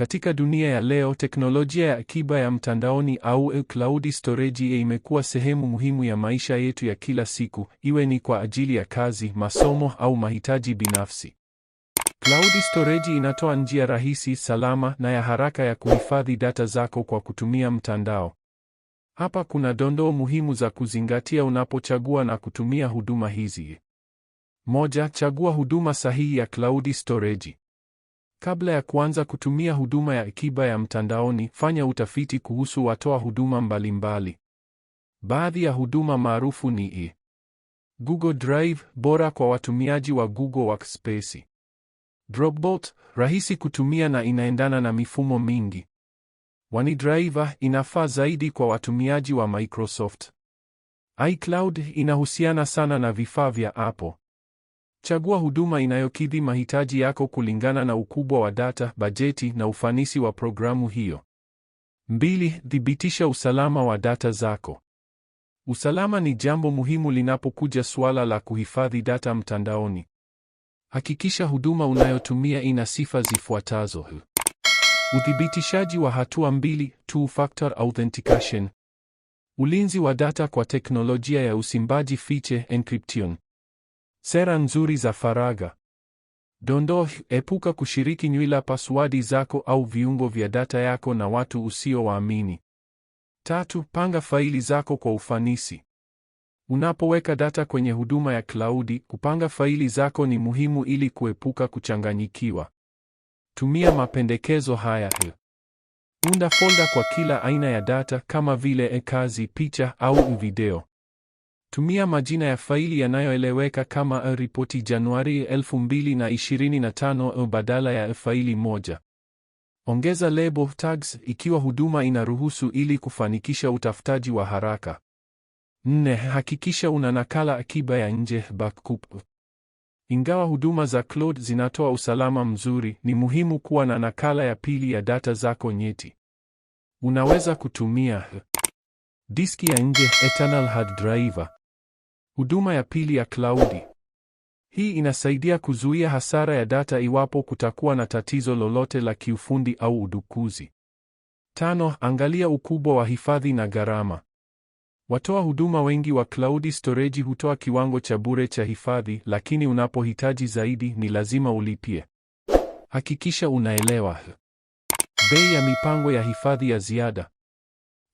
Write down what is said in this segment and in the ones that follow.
Katika dunia ya leo, teknolojia ya akiba ya mtandaoni au cloud storage imekuwa sehemu muhimu ya maisha yetu ya kila siku, iwe ni kwa ajili ya kazi, masomo au mahitaji binafsi. Cloud storage inatoa njia rahisi, salama na ya haraka ya kuhifadhi data zako kwa kutumia mtandao. Hapa kuna dondoo muhimu za kuzingatia unapochagua na kutumia huduma hizi. Moja, chagua huduma sahihi ya cloud storage. Kabla ya kuanza kutumia huduma ya akiba ya mtandaoni, fanya utafiti kuhusu watoa huduma mbalimbali. Baadhi ya huduma maarufu ni i Google Drive, bora kwa watumiaji wa Google Workspace. Dropbox, rahisi kutumia na inaendana na mifumo mingi. OneDrive, inafaa zaidi kwa watumiaji wa Microsoft. iCloud, inahusiana sana na vifaa vya Apple. Chagua huduma inayokidhi mahitaji yako kulingana na ukubwa wa data, bajeti na ufanisi wa programu hiyo. Mbili, thibitisha usalama wa data zako. Usalama ni jambo muhimu linapokuja suala la kuhifadhi data mtandaoni. Hakikisha huduma unayotumia ina sifa zifuatazo: uthibitishaji wa hatua mbili, two factor authentication, ulinzi wa data kwa teknolojia ya usimbaji, fiche encryption Sera nzuri za faragha. dondo epuka kushiriki nywila, paswadi zako au viungo vya data yako na watu usiowaamini. Tatu, panga faili zako kwa ufanisi. Unapoweka data kwenye huduma ya klaudi, kupanga faili zako ni muhimu ili kuepuka kuchanganyikiwa. Tumia mapendekezo haya. Unda folda kwa kila aina ya data kama vile e, kazi, picha au video. Tumia majina ya faili yanayoeleweka kama ripoti Januari 2025 badala ya faili moja. Ongeza lebo tags ikiwa huduma inaruhusu ili kufanikisha utafutaji wa haraka. Nne, hakikisha una nakala akiba ya nje backup. Ingawa huduma za cloud zinatoa usalama mzuri, ni muhimu kuwa na nakala ya pili ya data zako nyeti. Unaweza kutumia diski ya nje, external hard driver. Huduma ya pili ya klaudi. Hii inasaidia kuzuia hasara ya data iwapo kutakuwa na tatizo lolote la kiufundi au udukuzi. Tano, angalia ukubwa wa hifadhi na gharama. Watoa huduma wengi wa cloud storage hutoa kiwango cha bure cha hifadhi, lakini unapohitaji zaidi ni lazima ulipie. Hakikisha unaelewa bei ya mipango ya hifadhi ya ziada,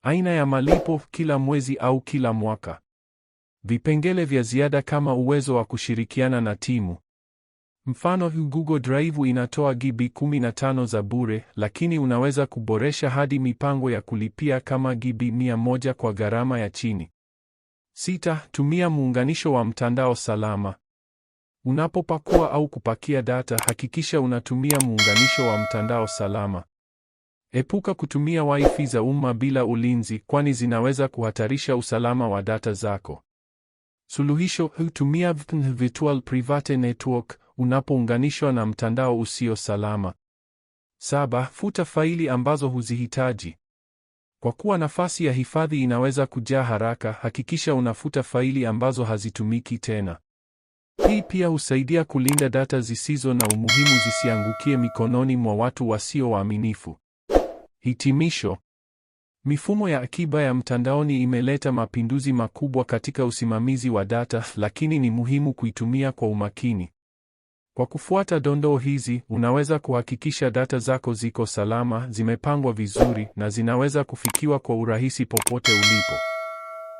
aina ya malipo kila mwezi au kila mwaka. Vipengele vya ziada kama uwezo wa kushirikiana na timu. Mfano, Google Drive inatoa GB 15 za bure, lakini unaweza kuboresha hadi mipango ya kulipia kama GB 100 kwa gharama ya chini. Sita, tumia muunganisho wa mtandao salama. Unapopakua au kupakia data, hakikisha unatumia muunganisho wa mtandao salama. Epuka kutumia wifi za umma bila ulinzi, kwani zinaweza kuhatarisha usalama wa data zako. Suluhisho: hutumia VPN, virtual private network, unapounganishwa na mtandao usio salama. Saba, futa faili ambazo huzihitaji. Kwa kuwa nafasi ya hifadhi inaweza kujaa haraka, hakikisha unafuta faili ambazo hazitumiki tena. Hii pia husaidia kulinda data zisizo na umuhimu zisiangukie mikononi mwa watu wasio waaminifu. Hitimisho. Mifumo ya akiba ya mtandaoni imeleta mapinduzi makubwa katika usimamizi wa data, lakini ni muhimu kuitumia kwa umakini. Kwa kufuata dondoo hizi, unaweza kuhakikisha data zako ziko salama, zimepangwa vizuri na zinaweza kufikiwa kwa urahisi popote ulipo.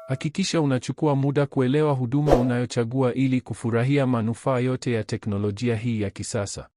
Hakikisha unachukua muda kuelewa huduma unayochagua ili kufurahia manufaa yote ya teknolojia hii ya kisasa.